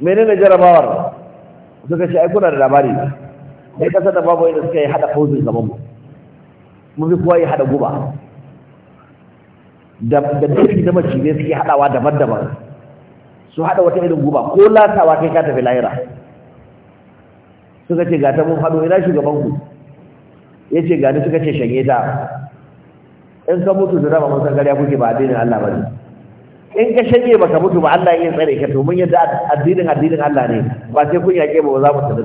menene jarabawar suka ce ai da labari sai kasa da babu yadda suka yi hada fauzin zaman mu mun fi kowa yi hada guba da da da mace ne suke haɗawa daban-daban su haɗa wata irin guba ko lasawa kai ka tafi lahira suka ce ga ta mun hado ina shugaban ku ya ce gani suka ce shanye ta in ka mutu da rama mun san gariya kuke ba addinin Allah ba ne in ka shanye baka mutu ba Allah ya tsare ka to mun yadda addinin addinin Allah ne ba sai kun yake ba za mu tsare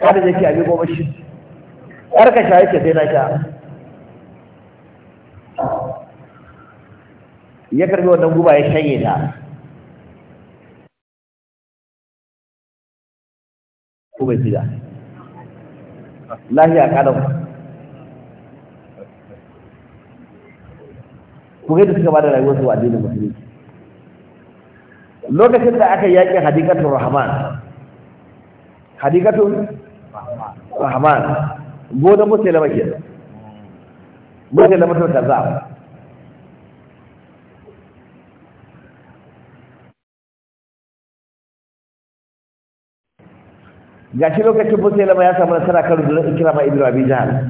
kada yake abi goma shi karka sha yake sai na sha ya karbi wannan guba ya shanye ta ko bai shiga lafiya kadan ku ga da suka bada rayuwar su a addinin musulunci lokacin da aka yaƙi hadikatul rahman hadikatul rahman godan musulma ke musulma ta kaza shi lokacin lama ya samu nasara kan rundunar ikirama ibnu abi jahal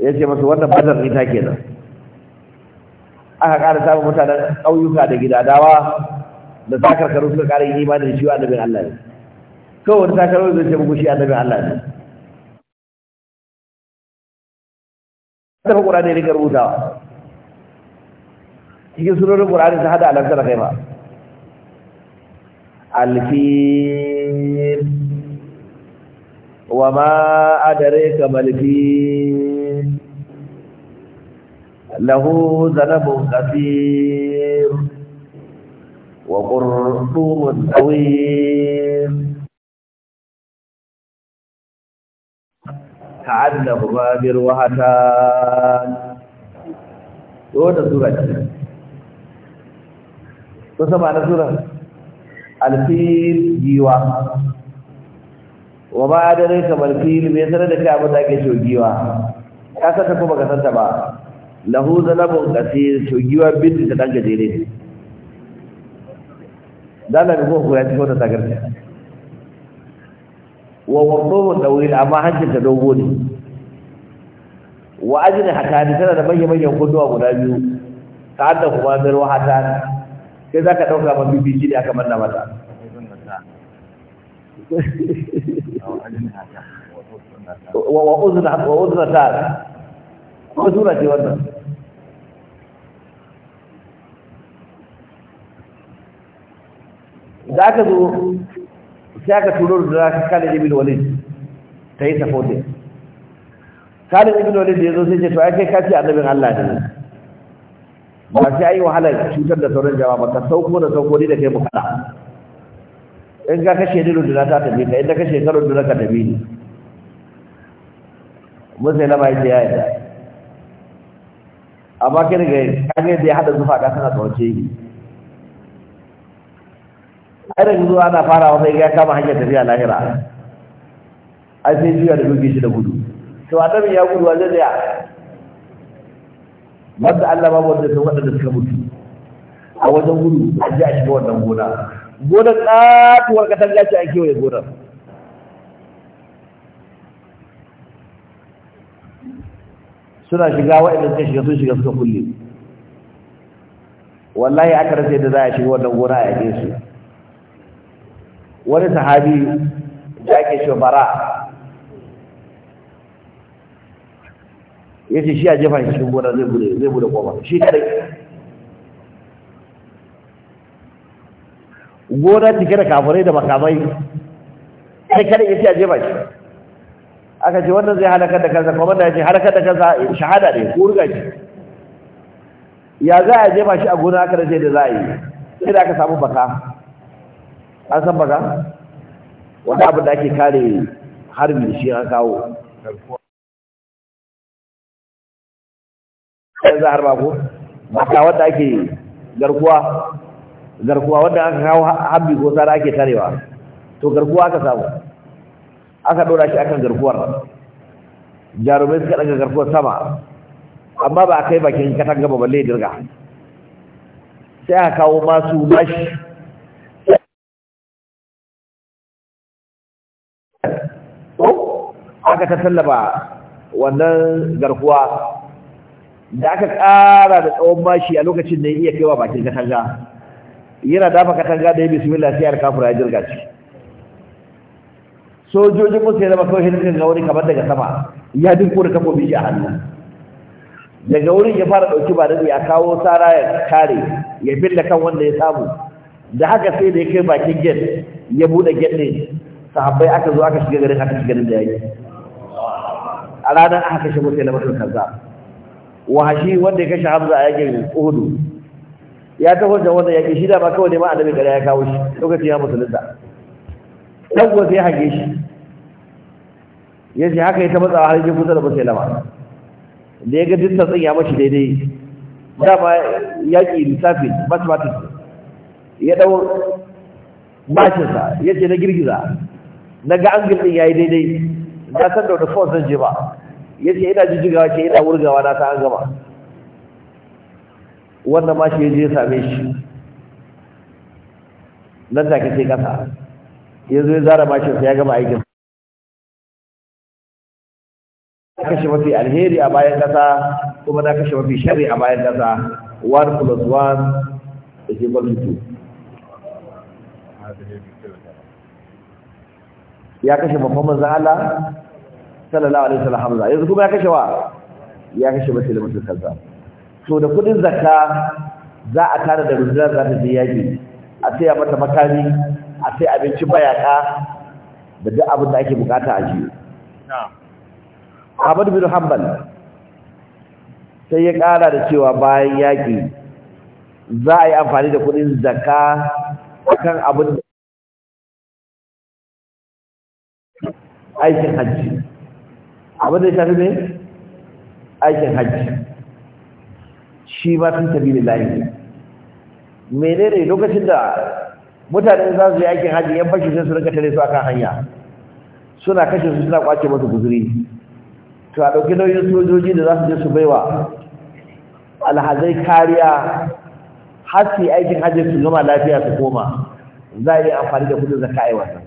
ya ce masu wannan bazar ita nan aka ƙara samun mutanen ƙauyuka da dawa da takarkaru suka ƙara yin imanin shi annabin Allah ne kawai takarkaru zai ce muku shi annabin Allah ne tafi ƙura ne rikar rutawa cikin sunorin ƙura ne su hada alamtar kai ba alfin wa ma adare ka malfin lahu zanabun kafin wa ƙurɗumun ɗawin ta'ad da kuma birwa hata ɗo da ba na tura alfil giwa wa ba da rai kamar fil me sanar da kai abin da ake shogiwa ka saka ko baka santa ba lahu zalabun kasir giwa binti ta dan gajere dala ga ko ya ci tafi da tagarta wa warduhu dawil amma hancin ta dogo ne wa ajin hakani tana da manyan manyan kudowa guda biyu ta da kuma zarwa hatani sai za ka ɗauka ma BBC da aka manna mata wa uzna wa uzna ta ko sura ce wannan za ka zo sai ka turo da za ka kada ibn walid ta yi safote kada ibn walid ya zo sai ce to ai kai ka annabin Allah ne ba sai yi wahala cutar da sauran jama'a ba ka sauko da sauko ne da kai mu kada in ka kashe ni runduna ta tafi ka in ka kashe ka runduna ka tafi ni sai na ba yake yaya amma kin ga kage da ya hada zufa da kana tsawace ni irin zuwa ana farawa sai ga kama hanyar tafiya lahira ai sai juya da dubi shi da gudu to adam ya gudu wa zai wanda Allah babu wanda san waɗanda suka mutu a wajen gudu a ji a shiga wannan gona gona katuwar ya ce a kewaye gonar suna shiga waɗanda suka shiga sun shiga suka kulle wallahi aka rasa yadda za a shiga wannan gona a yaje su wani sahabi da ake shi bara ya ce shi a jefa shi cikin gona zai bude zai bude kofa shi kadai gona cike da kafirai da makamai kai kadai ya ce a jefa shi aka ce wannan zai halakar da kansa kuma ya ce halakar da kansa eh, shahada ne ko rika shi ya za a jefa shi a gona aka rashe da za a yi sai da aka samu baka an san baka wani abin da ake kare harbi shi an kawo ɗan za a harba ko mata wadda ake garkuwa garkuwa wadda aka kawo habbi ko tsara ake tarewa to garkuwa aka samu aka ɗora shi akan garkuwar jarumai suka ɗaga garkuwar sama amma ba a kai bakin katanga ba balle dirga sai aka kawo masu mashi aka ta tallaba wannan garkuwa da aka ƙara da tsawon bashi a lokacin da ya iya kaiwa bakin katanga yana dafa katanga da ya bismillah sai har kafura ya jirga ci sojojin musu ya zama kawai hirkin ga wani kamar daga sama ya dinko da kafofi biyu a hannu daga wurin ya fara ɗauki ba da a kawo tsara ya kare ya billa kan wanda ya samu da haka sai da ya kai bakin get ya buɗe get ne sahabbai aka zo aka shiga garin aka shiga da ya yi a ranar aka kashe musu ya zama kaza wahashi wanda ya kashe hamza a yakin uhudu ya taho da wanda yake shi da ba kawai ne ma annabi kare ya kawo shi lokacin ya musulunta Ɗan kuwa sai hage shi ya ce haka ya taba tsawa har ya kusa da lama da ya ga dinta tsin ya mashi daidai dama yaki lissafi mathematics ya dau mashinsa ya ce na girgiza na ga angil ɗin ya yi daidai na san da wani force zan je ba ya ce ina jijjigawa ce ina wurgawa na ta an gama wannan ma shi ya je same shi nan take sai kasa ya zo ya zara mashinsa ya gama aikin na kashe mafi alheri a bayan kasa kuma na kashe mafi shari a bayan kasa 1 plus 1 is equal to 2 ya kashe babban manzan Allah sallallahu alaihi wasallam hamza yanzu kuma ya kashe wa ya kashe musulmi kaza to da kudin zakka za a tare da rundunar za ta je yaki a sai mata makami a sai abincin bayaka da duk abin da ake bukata a jiyo Ahmad bin Hanbal sai ya kara da cewa bayan yaki za a yi amfani da kudin zakka akan abin aikin hajji abin da ya shafi ne aikin hajji shi ma sun tabi da layi mene ne lokacin da mutane za su yi aikin hajji yan fashe sai su rinka tare su akan hanya suna kashe su suna kwace masu guzuri to a ɗauki nauyin sojoji da za su je su baiwa alhazai kariya har su yi aikin hajji su gama lafiya su koma za a yi amfani da kudin zaka aiwata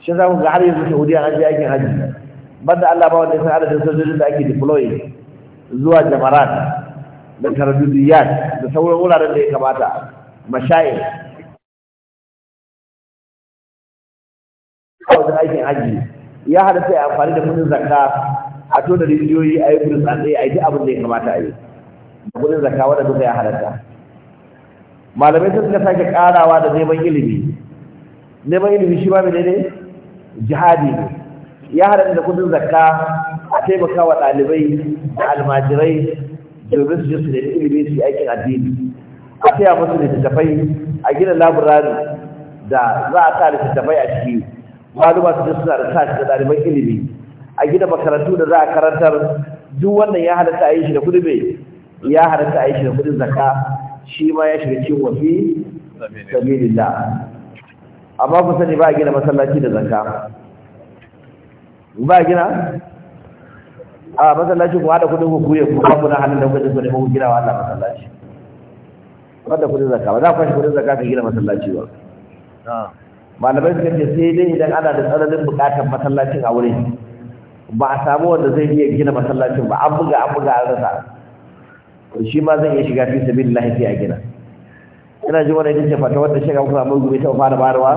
shi za mu ga har yanzu saudiya an je aikin hajji banda Allah ba wanda ya san adadin sojojin da ake deploy zuwa jamarat da tarbiyat da sauran wuraren da ya kamata mashayin a wajen aikin haji ya hada sai amfani da kudin zakka a da rijiyoyi a yi kudin tsatse a yi abin da ya kamata a yi da kudin zakka wanda duka ya halatta malamai sun suka sake karawa da neman ilimi neman ilimi shi ba mai daidai jihadi ne ya haɗa da kudin zakka a taimaka wa ɗalibai da almajirai domin su su ilimi su yi aikin addini a taya musu littattafai a gina laburari da za a sa littattafai a ciki maluma su je suna da sa da ɗaliban ilimi a gina makarantu da za a karantar duk wannan ya halatta a yi shi da kudi mai ya halatta a yi shi da kudin zakka shi ma ya shiga cikin wafi sabilillah amma ku sani ba a gina masallaci da zakka ba gina a masallaci ku hada kudin ku ya kuma hannun da kudin ku ne ku gina wa Allah masallaci wanda kudin zaka ba za ku kashe kudin zaka ka gina masallaci ba malamai suka ce sai dai idan ana da tsananin bukatar masallacin a wurin ba a samu wanda zai iya gina masallacin ba an buga an buga an rasa shi ma zai iya shiga fi sabilillah sai a gina ina ji wani ita ce fata wanda shekaru kuma mun gumi ta fara barwa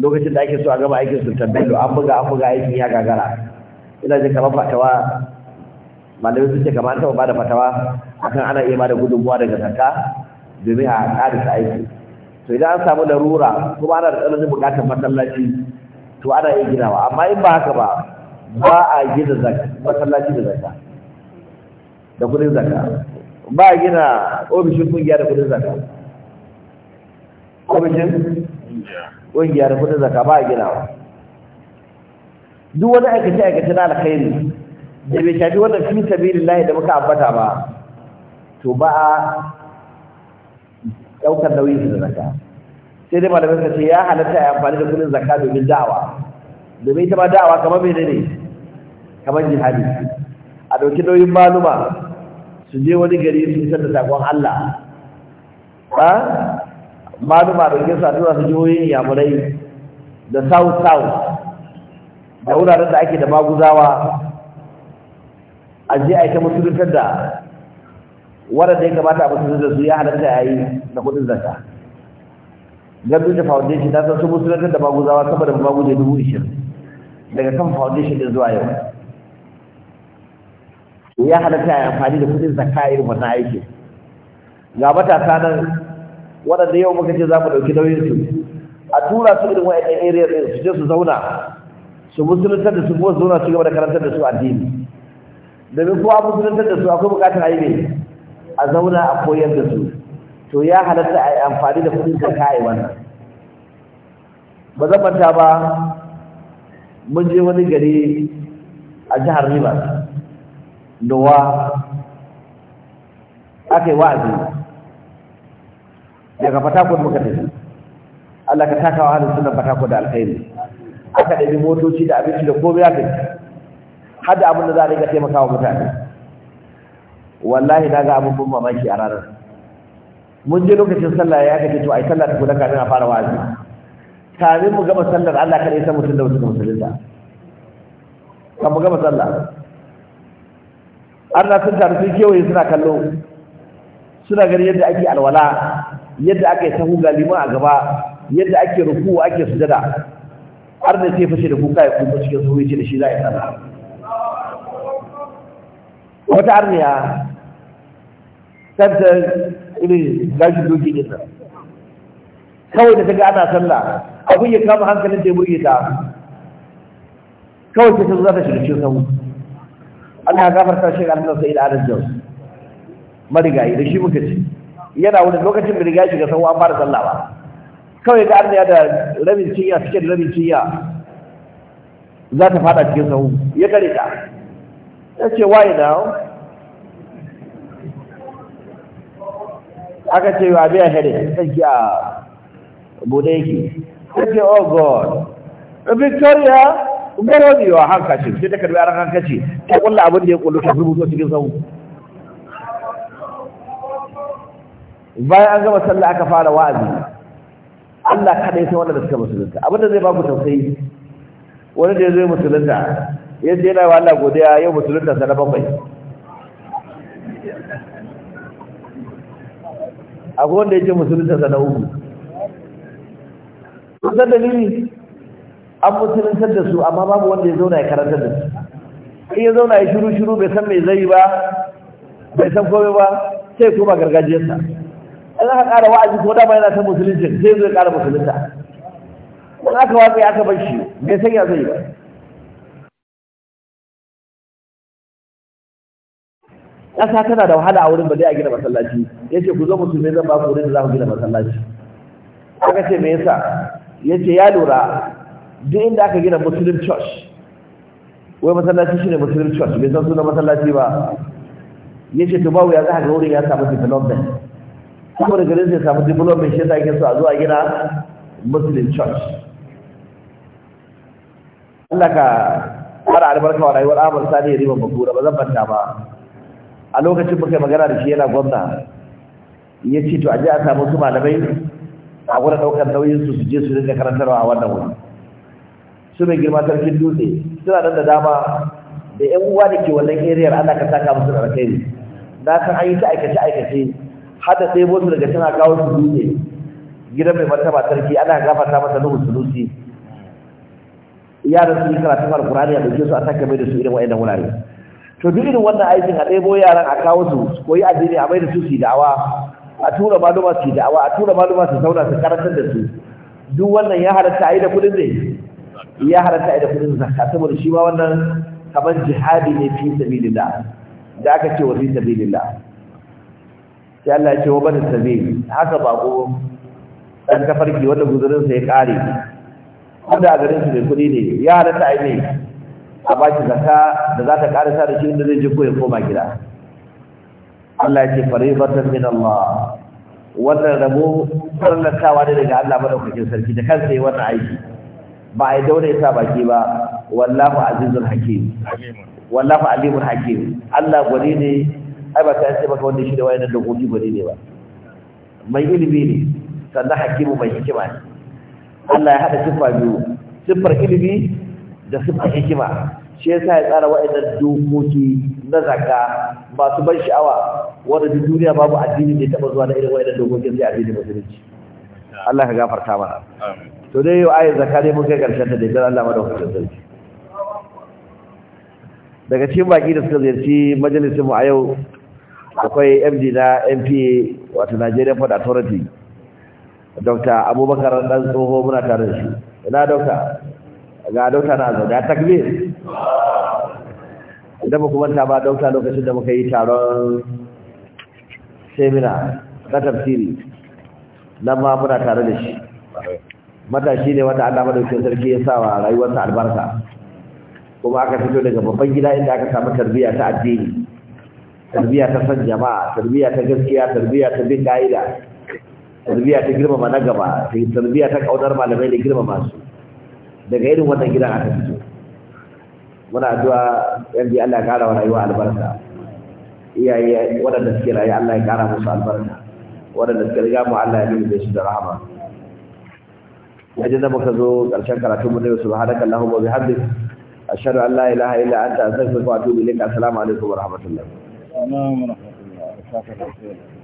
lokacin da ake so a gama aikin sultan bello an buga an buga aikin ya gagara ina jin kamar fatawa malamai sun ce kamar taɓa bada fatawa akan ana iya bada gudunmuwa daga sarka domin a ƙarisa aiki to idan an samu larura kuma ana da tsananin buƙatar masallaci to ana iya ginawa amma in ba haka ba ba a gina masallaci da zaka da kudin zaka ba a gina ofishin kungiya da kudin zaka ofishin ƙungiya da kudin zaka ba a ginawa duk wani aikace aikace na alkhairi da bai shafi wannan fi layi da muka ambata ba to ba a ɗaukar nauyin su da zaka sai dai malamai suka ce ya halatta yi amfani da kudin zaka domin da'awa domin ita ma da'awa kamar mai ne kamar jihadi a dauki nauyin maluma su je wani gari su isar da takon Allah ba maluma su a tura su jihohin yamurai da south south da wuraren da ake da maguzawa a je a yi ta da waɗanda ya kamata a musulun da su ya halatta ya yi da kudin zaka gabin da foundation ta san su musuluntar da maguzawa saboda maguje dubu ishirin daga kan foundation din zuwa yau ya halatta ya yi amfani da kudin zaka irin wannan aiki ga matasa nan wadanda yau muka ce za mu ɗauki nauyinsu a tura su irin wa'yan area ɗin su je su zauna su musulunta da su kuma su zauna su gaba da karantar da su addini domin kowa musulunta da su akwai bukatar a yi a zauna a koyar da su to ya halatta a yi amfani da kudin kanka a yi wannan ba zan manta ba mun je wani gari a jihar rivers wa aka yi wa'azi daga fatakon muka tafi Allah ka taka wa halin sunan fatakon da alkhairi aka ɗabi motoci da abinci da komai aka yi har da abin da za a riga taimakawa mutane wallahi na ga abubuwan mamaki a ranar mun je lokacin sallah ya kace to ai sallah ta kuda kafin a fara wa'azi kafin mu gama sallar Allah kada ya san mutum da mutum musulunta kan mu gama sallah Allah sun taru sun kewaye suna kallo suna ganin yadda ake alwala yadda aka yi sahu ga liman a gaba yadda ake ruku ake sujada har da sai fashe da kuka ya kuma cikin sahu ce da shi za a yi sana wata arniya kanta irin gashin doki ne nan kawai da ta ga ana sallah abin ya kama hankalin da ya burge ta kawai ta za ta shiga cikin sahu Allah ya gafarta shi ga Allah sai da adalci marigayi da shi muka ce yana wani lokacin da riga shiga sau an fara sallah ba kawai ga arniya da rabin cinya suke da rabin cinya za ta fada cikin sau ya kare ta ya ce why now aka ce wa biya hare ki a bude yake ya ce oh god victoria gara ni wa hankacin sai ta karbi a hankacin ta kulla abin da ya kullu ta rubuto cikin sau bayan an gama sallah aka fara wa'azi Allah kadai sai wanda suka musulunta abinda zai ba ku tausayi wani da ya zo musulunta ya ce yana wa Allah godiya yau musulunta sa na bakwai akwai wanda ya ce musulunta sa na uku kusan dalili an musuluntar da su amma babu wanda ya zauna ya karanta da su in ya zauna ya shiru-shiru bai san mai zai ba bai san komai ba sai kuma gargajiyarsa in aka ƙara wa'azi ko dama yana ta musulunci sai zai ƙara musulunta in aka watsa aka bar shi bai san ya zai ba ƙasa tana da wahala a wurin ba zai a gina masallaci ya ce ku zo musulmi zan ba ku wurin da za ku gina masallaci aka ce me yasa ya ce ya lura duk inda aka gina musulun church wai masallaci shine musulun church bai san sunan masallaci ba ya ce to bawu ya za ga wurin ya samu development saboda garin zai samu development shi ta ake so a zuwa gina muslim church Allah ka fara albarka wa rayuwar Ahmad Sani Riba Bakura ba zan banta ba a lokacin muka magana da shi yana gwamna ya ce to a je a samu su malamai a wurin ɗaukar nauyin su su je su rinka karantarwa a wannan wuri su mai girma sarkin dutse suna nan da dama da yan uwa da ke wannan area ana ka saka musu da alkhairi na san an yi ta aikace aikace hada sai bosu daga tana kawo su dutse gidan mai martaba sarki ana gafarta masa nuhu sulusi yaran su yi karatun alkurani a dauke su a sake mai da su irin da wurare to duk irin wannan aikin a ɗebo yaran a kawo su su koyi addini a mai da su su da'awa a tura maluma su da'awa a tura maluma su zauna su karantar da su duk wannan ya halatta a yi da kuɗin ne ya halatta a yi da kuɗin zakka saboda shi ma wannan kamar jihadi ne fi sabilillah da aka ce wa fi sabilillah sai Allah ya ce wa bada sabi haka bako dan farki, wanda guzurin sa ya kare wanda a garin su mai kuɗi ne ya da a yi a ba shi zakka da za ta kare sa da shi inda zai je ko ya koma gida Allah ya ce faribatan min Allah wannan rabo farlantawa ne daga Allah madaukakin sarki da kansa yi wannan aiki ba a yi daure sa baki ba wallahu azizul hakim wallahu alimul hakim Allah gwani ne ai ba ta ce maka wanda shi da wayannan dokoki gwani ne ba mai ilimi ne sannan hakimu mai hikima ne Allah ya hada siffa biyu siffar ilimi da siffar hikima shi yasa ya tsara wayannan dokoki na zakka masu ban sha'awa wanda duk duniya babu addini da ya taba zuwa na irin wayannan dokokin sai addinin musulunci Allah ka gafarta mana to dai yau ayin zakka dai mun kai karshen ta dai, dan Allah madaukakin sarki daga cikin baki da suka ziyarci majalisin a yau akwai md na mpa wato nigerian port authority dr abubakar dan tsoho muna tare da shi ina dokta ga dokta na azumi a takbir idan muku manta ba dokta lokacin da muka yi taron seminar na tafsiri nan ma muna tare da shi matashi ne wata Allah madaukakin sarki ya sa wa rayuwarsa albarka kuma aka fito daga babban gida inda aka samu tarbiyya ta addini tarbiya ta san jama'a tarbiya ta gaskiya tarbiya ta bin ka'ida tarbiya ta girmama na gaba tarbiya ta kaunar malamai da girmama su daga irin wannan gidan aka fito muna addu'a yanzu Allah ya kara wa rayuwa albarka iyaye waɗanda suke rayu Allah ya kara musu albarka waɗanda suke riga mu Allah ya nuna su da rahama yadda muka zo ƙarshen karatunmu na yau subhanakallahumma wa bihamdik ashhadu an la ilaha illa anta astaghfiruka wa atubu ilayk assalamu alaikum wa rahmatullahi السلام ورحمة الله وبركاته